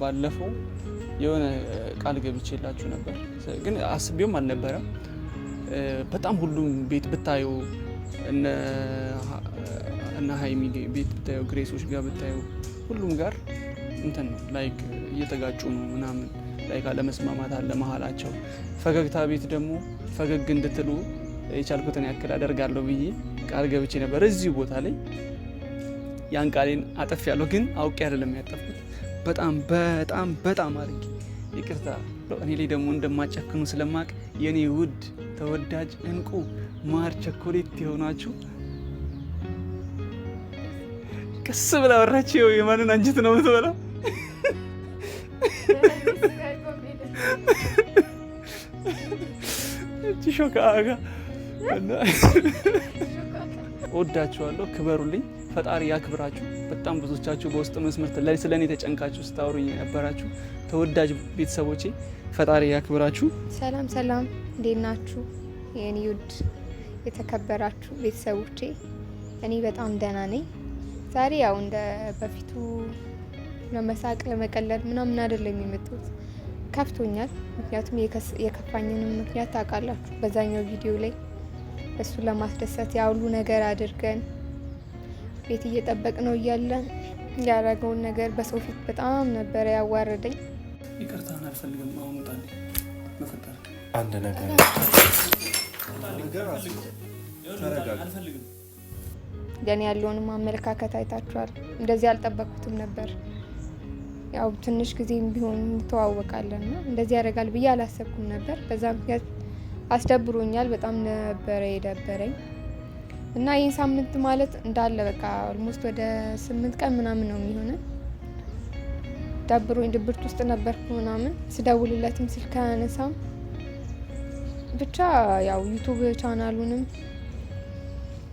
ባለፈው የሆነ ቃል ገብቼላችሁ ነበር፣ ግን አስቤውም አልነበረም። በጣም ሁሉም ቤት ብታዩ እና ሀይሚ ቤት ብታዩ፣ ግሬሶች ጋር ብታዩ፣ ሁሉም ጋር እንትን ነው ላይክ እየተጋጩ ነው ምናምን ላይክ አለመስማማት አለ መሀላቸው። ፈገግታ ቤት ደግሞ ፈገግ እንድትሉ የቻልኩትን ያክል አደርጋለሁ ብዬ ቃል ገብቼ ነበር እዚሁ ቦታ ላይ ያን ቃሌን አጠፍ ያለው ግን አውቄ አይደለም ያጠፍኩት በጣም በጣም በጣም አድርጌ ይቅርታ። እኔ ላይ ደግሞ እንደማጨክኑ ስለማቅ የእኔ ውድ ተወዳጅ እንቁ ማር ቸኮሌት የሆናችሁ ቅስ ብላ ወራቸው የማንን አንጀት ነው የምትበላው? እቺ ሾካ አጋ ወዳችኋለሁ። ክበሩልኝ። ፈጣሪ ያክብራችሁ። በጣም ብዙዎቻችሁ በውስጥ መስመር ስለ እኔ ተጨንቃችሁ ስታወሩኝ የነበራችሁ ተወዳጅ ቤተሰቦቼ ፈጣሪ ያክብራችሁ። ሰላም ሰላም፣ እንዴት ናችሁ የኔ ውድ የተከበራችሁ ቤተሰቦቼ? እኔ በጣም ደህና ነኝ። ዛሬ ያው እንደ በፊቱ ለመሳቅ ለመቀለል ምናምን አይደለም የሚመጡት። ከፍቶኛል። ምክንያቱም የከፋኝንም ምክንያት ታውቃላችሁ። በዛኛው ቪዲዮ ላይ እሱ ለማስደሰት ያውሉ ነገር አድርገን ቤት እየጠበቅ ነው እያለ ያደረገውን ነገር በሰው ፊት በጣም ነበረ ያዋረደኝ። ይቅርታን አልፈልግም። አሁን ውጣልኝ። አንድ ነገር ለእኔ ያለውንም አመለካከት አይታችኋል። እንደዚህ አልጠበቅኩትም ነበር። ያው ትንሽ ጊዜም ቢሆን እንተዋወቃለን እና እንደዚህ ያደርጋል ብዬ አላሰብኩም ነበር። በዛ ምክንያት አስደብሮኛል። በጣም ነበረ የደበረኝ። እና ይህን ሳምንት ማለት እንዳለ በቃ ኦልሞስት ወደ ስምንት ቀን ምናምን ነው የሚሆነ። ዳብሮኝ ድብርት ውስጥ ነበርኩ ምናምን ስደውልለትም ስልክ አያነሳም። ብቻ ያው ዩቱብ ቻናሉንም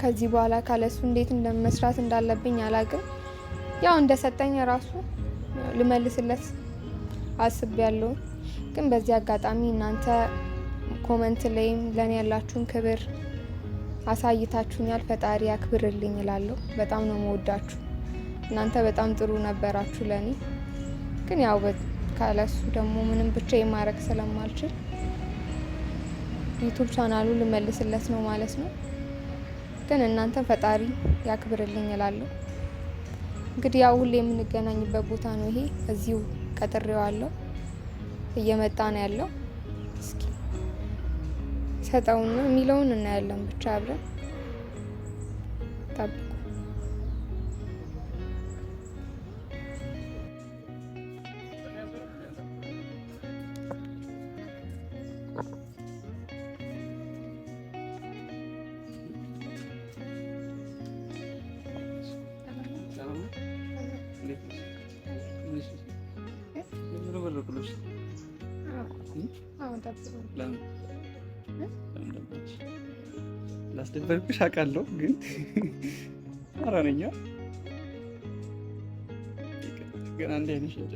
ከዚህ በኋላ ካለሱ እንዴት እንደመስራት እንዳለብኝ አላቅም። ያው እንደሰጠኝ ራሱ ልመልስለት አስብ ያለው ግን በዚህ አጋጣሚ እናንተ ኮመንት ላይም ለእኔ ያላችሁን ክብር አሳይታችሁኛል። ፈጣሪ ያክብርልኝ እላለሁ። በጣም ነው መወዳችሁ። እናንተ በጣም ጥሩ ነበራችሁ ለእኔ። ግን ያው ካለሱ ደግሞ ምንም ብቻ የማድረግ ስለማልችል ዩቱብ ቻናሉ ልመልስለት ነው ማለት ነው። ግን እናንተ ፈጣሪ ያክብርልኝ እላለሁ። እንግዲህ ያው ሁሌ የምንገናኝበት ቦታ ነው ይሄ። እዚሁ ቀጥሬዋለሁ። እየመጣ ነው ያለው። እስኪ ሰጠውና የሚለውን እናያለን። ብቻ አብረን ጠብቁ። ላስደበርኩሽ አውቃለሁ፣ ግን አራነኛ ገና እንደ አይነት ሸጫ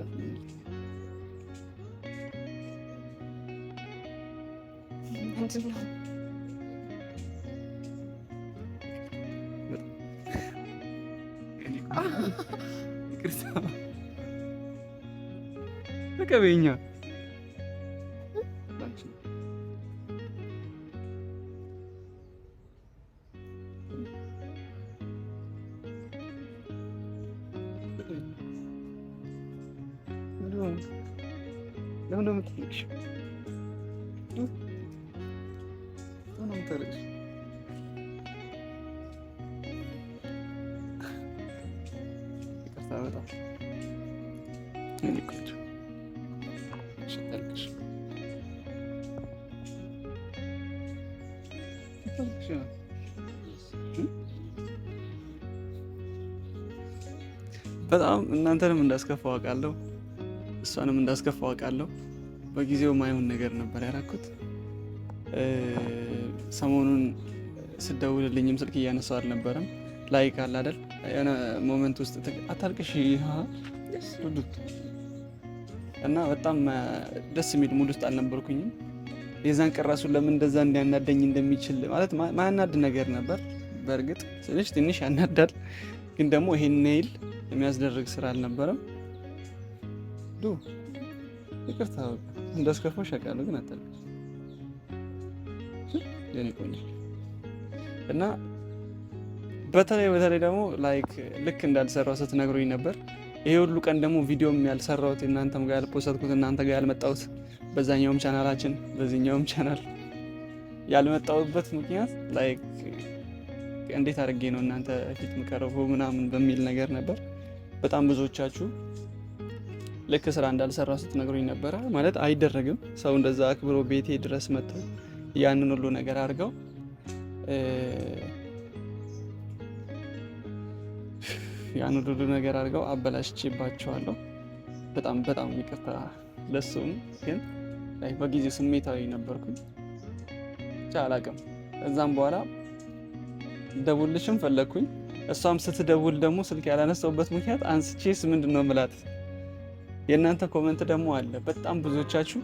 ቅርሳ ተቀበኛ በጣም በጣም እናንተንም እንዳስከፋው አውቃለሁ፣ እሷንም እንዳስከፋው አውቃለሁ። በጊዜው ማይሆን ነገር ነበር ያደረኩት። ሰሞኑን ስደውልልኝም ስልክ እያነሳው አልነበረም። ላይክ አለ አይደል? የሆነ ሞመንት ውስጥ አታልቅሽ እና በጣም ደስ የሚል ሙድ ውስጥ አልነበርኩኝም። የዛን ቀን ራሱን ለምን እንደዛ እንዲያናደኝ እንደሚችል ማለት ማያናድ ነገር ነበር። በእርግጥ ስልሽ ትንሽ ያናዳል፣ ግን ደግሞ ይሄን ኔይል የሚያስደርግ ስራ አልነበረም። ዱ ይቅርታ እንዳስከፋሽ ሸቃሉ ግን አታልቅሽ የእኔ እና በተለይ በተለይ ደግሞ ላይክ ልክ እንዳልሰራው ስትነግሩኝ ነበር። ይሄ ሁሉ ቀን ደግሞ ቪዲዮም ያልሰራሁት እናንተም ጋር ያልፖሰትኩት እናንተ ጋር ያልመጣሁት በዛኛውም ቻናላችን በዚህኛውም ቻናል ያልመጣሁበት ምክንያት ላይክ እንዴት አድርጌ ነው እናንተ ፊት የምቀርበው ምናምን በሚል ነገር ነበር። በጣም ብዙዎቻችሁ ልክ ስራ እንዳልሰራ ስትነግሩኝ ነበረ። ማለት አይደረግም ሰው እንደዛ አክብሮ ቤቴ ድረስ መጥተው ያንን ሁሉ ነገር አድርገው ያን ነገር አድርገው አበላሽቼባቸዋለሁ። በጣም በጣም ይቅርታ ለሱም፣ ግን በጊዜ ስሜታዊ ነበርኩኝ ብቻ አላቅም። ከዛም በኋላ ደውልሽም ፈለግኩኝ። እሷም ስትደውል ደግሞ ስልክ ያላነሳውበት ምክንያት አንስቼስ ምንድን ነው ምላት። የእናንተ ኮመንት ደግሞ አለ። በጣም ብዙዎቻችሁ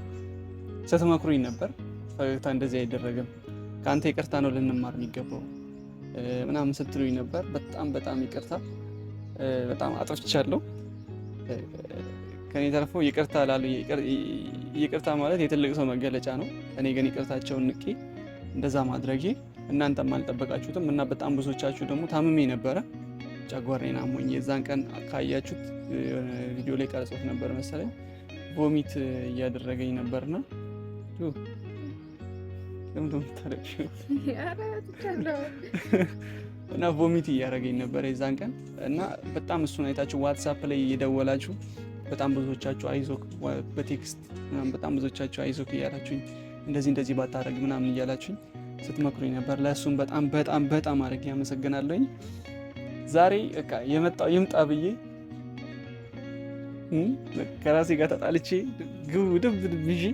ስትመክሩኝ ነበር። ፈገግታ እንደዚህ አይደረግም፣ ከአንተ ይቅርታ ነው ልንማር የሚገባው ምናምን ስትሉኝ ነበር። በጣም በጣም ይቅርታ በጣም አጥፍቻለሁ። ከኔ ተርፎ ይቅርታ ላሉ ይቅርታ ማለት የትልቅ ሰው መገለጫ ነው። እኔ ግን ይቅርታቸውን ንቄ እንደዛ ማድረጌ እናንተም አልጠበቃችሁትም እና በጣም ብዙዎቻችሁ ደግሞ ታምሜ ነበረ፣ ጨጓራዬን አሞኝ የዛን ቀን ካያችሁት ቪዲዮ ላይ ቀርጾት ነበር መሰለኝ ቮሚት እያደረገኝ ነበርና ለምንድነው የምታለቅሺው? እና ቮሚት እያደረገኝ ነበረ የዛን ቀን እና በጣም እሱን አይታችሁ ዋትሳፕ ላይ እየደወላችሁ በጣም ብዙዎቻችሁ አይዞክ በቴክስት በጣም ብዙዎቻችሁ አይዞክ እያላችሁኝ እንደዚህ እንደዚህ ባታደረግ ምናምን እያላችሁኝ ስትመክሩኝ ነበር። ለእሱም በጣም በጣም በጣም አድርጌ ያመሰግናለኝ። ዛሬ በቃ የመጣው ይምጣ ብዬ ከራሴ ጋር ተጣልቼ ግቡ ድብ ብዬ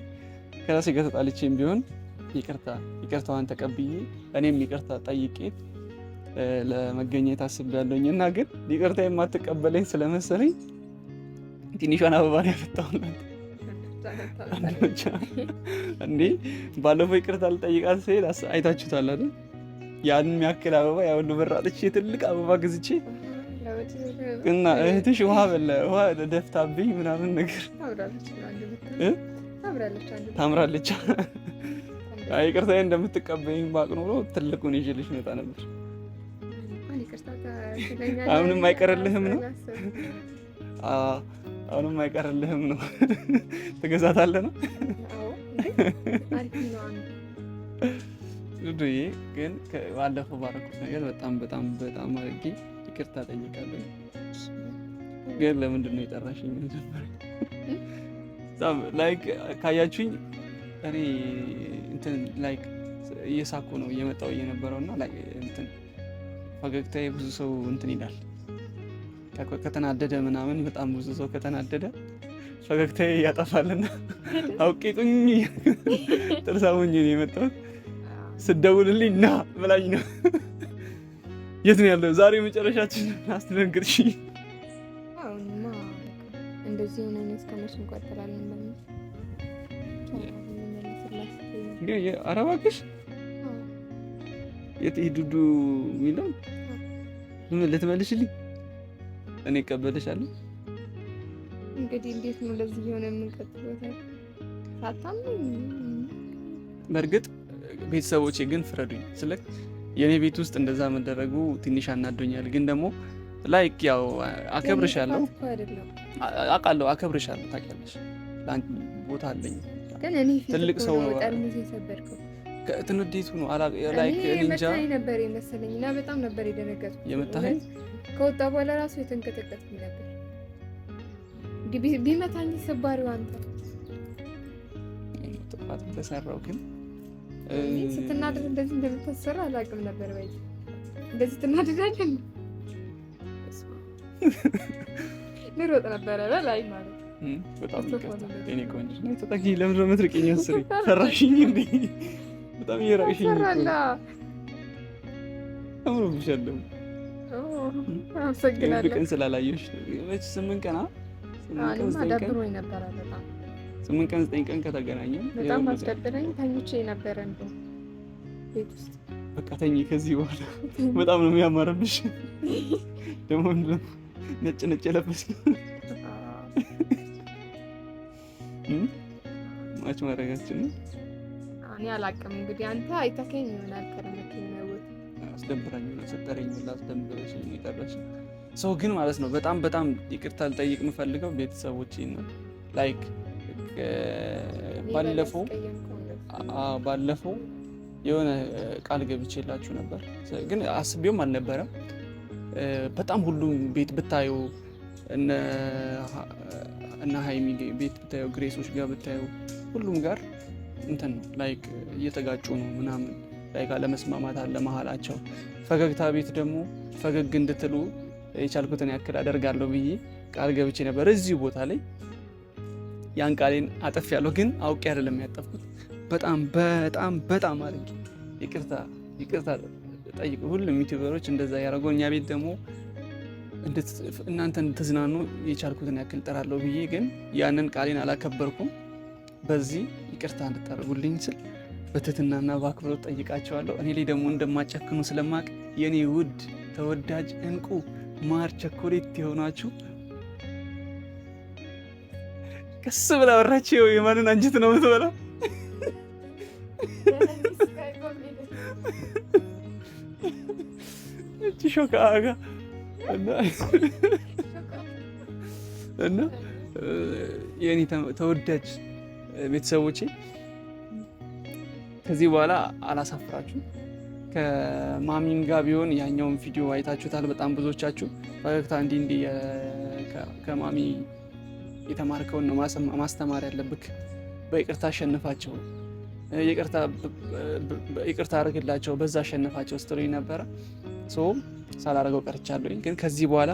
ከራሴ ጋር ተጣልቼም ቢሆን ይቅርታ ይቅርታዋን ተቀብዬ እኔም ይቅርታ ጠይቄት ለመገኘት አስቤያለሁኝ እና ግን ይቅርታ የማትቀበለኝ ስለመሰለኝ ትንሿን አበባ ነው ያፈታሁላት። እንዴ ባለፈው ይቅርታ ልጠይቃት ስሄድ አይታችሁታል አይደል? ያን የሚያክል አበባ ያ ሁሉ ብር አጥቼ ትልቅ አበባ ግዝቼ እና እህትሽ ውሃ በለ ውሃ ደፍታብኝ ምናምን ነገር ታምራለች። ይቅርታ እንደምትቀበኝ ባቅ ኖሮ ትልቁን ይዤልሽ መጣ ነበር። አሁንም አይቀርልህም ነው አሁንም አይቀርልህም ነው። ትገዛታለህ ነው ዱዱዬ። ግን ባለፈው ባረኩት ነገር በጣም በጣም በጣም አድርጌ ይቅርታ ጠይቃለሁ። ግን ለምንድን ነው የጠራሽኝ? ላይክ ካያችሁኝ እኔ እንትን ላይክ እየሳኩ ነው እየመጣው እየነበረው እና ላይክ እንትን ፈገግታ ብዙ ሰው እንትን ይላል። ከተናደደ ምናምን በጣም ብዙ ሰው ከተናደደ ፈገግታ ያጠፋልና አውቄ ጡኝ ጥርሳሙኝ ነው የመጣሁት። ስደውልልኝ ና ብላኝ ነው። የት ነው ያለው? ዛሬ መጨረሻችን አስደነግጥሽ። እንደዚህ ሆነ እስከመች እንቆጥራለን? እባክሽ የትሂዱዱ የሚለው ልትመልሽልኝ እኔ እቀበልሻለሁ። እንግዲህ እንዴት ነው ለዚህ የሆነ የምንቀጥለው? በእርግጥ ቤተሰቦቼ ግን ፍረዱኝ። ስለ የእኔ ቤት ውስጥ እንደዛ መደረጉ ትንሽ አናዶኛል። ግን ደግሞ ላይክ ያው አከብርሻለሁ፣ አውቃለሁ፣ አከብርሻለሁ። ታውቂያለሽ፣ ቦታ አለኝ። ትልቅ ሰው ነው ከትንዴቱ ነው ላይክ እንጃ ነበር የመሰለኝ እና በጣም ነበር የደነገጥኩት። የመታኸኝ ከወጣ በኋላ ራሱ የተንቀጠቀጥኩኝ ነበር። ቢመታኝ ስባሪው አንተ ጥፋት ተሰራው። ግን ስትናደር እንደዚህ እንደምታሰራ አላውቅም ነበር። ወይ እንደዚህ ትናደዳለን። ልሮጥ ነበረ በላይ ማለት በጣም ይቀጣል። እኔ ቆንጆ ነው ተጠጊ ለምድረ መትርቅ የሚያስሪ ሰራሽኝ እንዴ በጣም እየራቅሽኝ አምሮብሻለሁ። አመሰግናለሁ። ቀን ስላላየሁሽ መች ስምንት ቀን ስምንት ቀን ዘጠኝ ቀን በጣም አስደብረኝ ተኝቼ ነበረ። ቤት ውስጥ በቃ ተኝ። ከዚህ በኋላ በጣም ነው ደግሞ ነጭ ነጭ የለበስ ማች ማድረጋችን ነው እኔ አላቅም። እንግዲህ አንተ አይተከኝ ይሆናል ከርነት የሚያወት አስደንብራኝ ላስደንብረሽ የጠረሽ ሰው ግን ማለት ነው። በጣም በጣም ይቅርታ ልጠይቅ የምፈልገው ቤተሰቦች ነው። ላይክ ባለፈው ባለፈው የሆነ ቃል ገብቼላችሁ ነበር፣ ግን አስቤውም አልነበረም። በጣም ሁሉም ቤት ብታዩ እነ ሀይሚ ቤት ብታዩ፣ ግሬሶች ጋር ብታዩ፣ ሁሉም ጋር እንትን ነው ላይክ እየተጋጩ ነው ምናምን ላይ አለመስማማት አለ መሀላቸው። ፈገግታ ቤት ደግሞ ፈገግ እንድትሉ የቻልኩትን ያክል አደርጋለሁ ብዬ ቃል ገብቼ ነበር እዚሁ ቦታ ላይ ያን ቃሌን አጠፍ ያለሁ ግን አውቄ አይደለም ያጠፍኩት። በጣም በጣም በጣም አድርጌ ይቅርታ ይቅርታ ጠይቁ። ሁሉም ዩቲዩበሮች እንደዛ ያደረገው እኛ ቤት ደግሞ እናንተ እንድትዝናኑ የቻልኩትን ያክል ጥራለሁ ብዬ ግን ያንን ቃሌን አላከበርኩም። በዚህ ይቅርታ እንድታደርጉልኝ ስል በትትናና በአክብሮት ጠይቃቸዋለሁ። እኔ ላይ ደግሞ እንደማጨክኑ ስለማቅ የእኔ ውድ ተወዳጅ እንቁ ማር ቸኮሌት የሆናችሁ ቀስ ብላ ወራች የማንን አንጀት ነው የምትበላው? እቺ ሾካ አጋ እና የእኔ ተወዳጅ ቤተሰቦቼ ከዚህ በኋላ አላሳፍራችሁም። ከማሚም ጋር ቢሆን ያኛውን ቪዲዮ አይታችሁታል። በጣም ብዙዎቻችሁ ፈገግታ እንዲህ እንዲህ ከማሚ የተማርከውን ነው ማስተማር ያለብክ፣ በይቅርታ አሸንፋቸው፣ ይቅርታ አድርግላቸው፣ በዛ አሸንፋቸው ስትሉኝ ነበረ። ሳላረገው ቀርቻለሁ። ግን ከዚህ በኋላ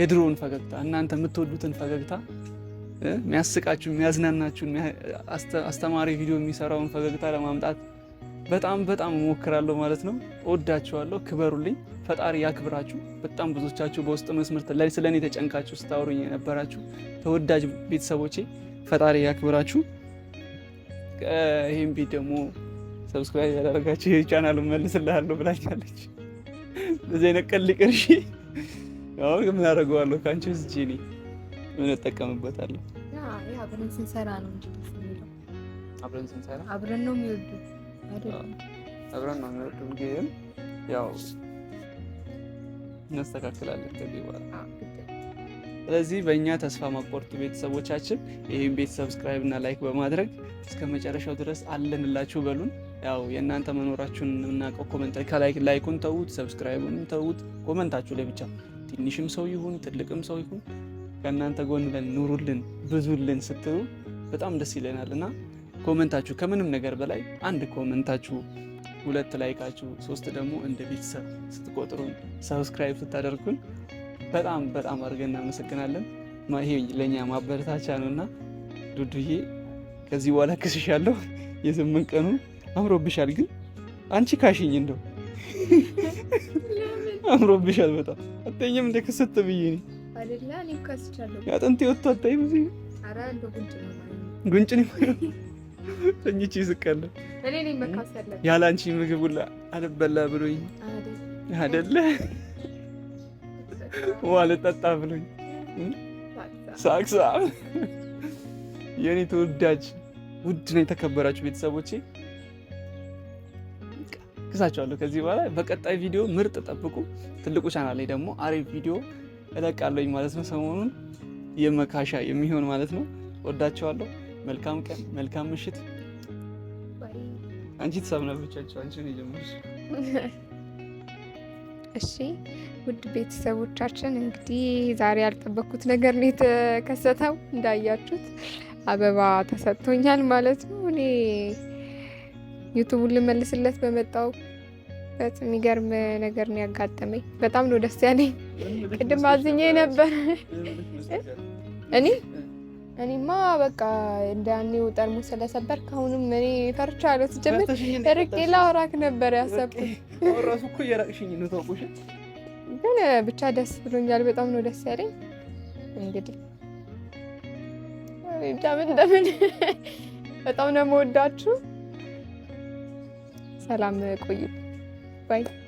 የድሮውን ፈገግታ እናንተ የምትወዱትን ፈገግታ የሚያስቃችሁ የሚያዝናናችሁን አስተማሪ ቪዲዮ የሚሰራውን ፈገግታ ለማምጣት በጣም በጣም እሞክራለሁ ማለት ነው። እወዳችኋለሁ። ክበሩልኝ። ፈጣሪ ያክብራችሁ። በጣም ብዙቻችሁ በውስጥ መስመር ስለ እኔ ተጨንቃችሁ ስታወሩኝ የነበራችሁ ተወዳጅ ቤተሰቦቼ ፈጣሪ ያክብራችሁ። ይህም ቤት ደግሞ ሰብስክራይብ ያደረጋችሁ ቻናሉ መልስልሃለሁ ብላኛለች። በዚህ አይነት ቀን ሊቅር አሁን ምን አደርገዋለሁ ከአንቺ ስጄ ምን እጠቀምበታለሁ? አብረን ስንሰራ ነው እንጂ አብረን ስንሰራ አብረን ነው የሚወዱ አብረን ነው የሚወዱ ግን ያው እናስተካክላለን ከዚህ በኋላ። ስለዚህ በእኛ ተስፋ ማቆርጡ ቤተሰቦቻችን ይህን ቤት ሰብስክራይብ እና ላይክ በማድረግ እስከ መጨረሻው ድረስ አለንላችሁ በሉን። ያው የእናንተ መኖራችሁን የምናውቀው ኮመንት ላይኩን ተዉት፣ ሰብስክራይቡን ተዉት፣ ኮመንታችሁ ላይ ብቻ ትንሽም ሰው ይሁን ትልቅም ሰው ይሁን ከእናንተ ጎን ለን ኑሩልን፣ ብዙልን ስትሉ በጣም ደስ ይለናል እና ኮመንታችሁ ከምንም ነገር በላይ አንድ ኮመንታችሁ፣ ሁለት ላይካችሁ፣ ሶስት ደግሞ እንደ ቤተሰብ ስትቆጥሩን ሰብስክራይብ ስታደርጉን በጣም በጣም አድርገን እናመሰግናለን። ይሄ ለእኛ ማበረታቻ ነው እና ዱዱዬ ከዚህ በኋላ ክስሻለሁ። የስምንት ቀኑ አምሮብሻል፣ ግን አንቺ ካሽኝ እንደው አምሮብሻል። በጣም አተኝም እንደ ክስት ብዬ አይደለ? እኔ እኮ አጥንቴ ወጥቶ አታይም እዚህ። ኧረ ጉንጭ ነው ጉንጭ ነው ተኝቼ ስቃለሁ። ያለ አንቺ ምግብ ሁላ አልበላ ብሎኝ አደለ ዋለጠጣ ብሎኝ ሳቅሳ የእኔ ተወዳጅ ውድ ነው የተከበራችሁ ቤተሰቦቼ ክሳቸዋለሁ። ከዚህ በኋላ በቀጣይ ቪዲዮ ምርጥ ጠብቁ። ትልቁ ቻናል ላይ ደግሞ አሪፍ ቪዲዮ እለቃለኝ ማለት ነው። ሰሞኑን የመካሻ የሚሆን ማለት ነው። ወዳቸዋለሁ። መልካም ቀን፣ መልካም ምሽት። አንቺ ተሰብነብቻቸው አንቺ ነው የጀመርሽ። እሺ ውድ ቤተሰቦቻችን እንግዲህ ዛሬ ያልጠበኩት ነገር ነው የተከሰተው። እንዳያችሁት አበባ ተሰጥቶኛል ማለት ነው። እኔ ዩቱቡን ልመልስለት በመጣው በጣም የሚገርም ነገር ነው ያጋጠመኝ። በጣም ነው ደስ ያለኝ። ቅድም አዝኜ ነበር። እኔ እኔማ በቃ እንዳኔው ጠርሙስ ስለሰበር ካሁንም እኔ ፈርቻለሁ። ስጀምር ርቄ ላወራክ ነበር ያሰብኩት ግን ብቻ ደስ ብሎኛል። በጣም ነው ደስ ያለኝ። እንግዲህ ብቻ ምን እንደምን በጣም ነው የምወዳችሁ። ሰላም ቆይ बाय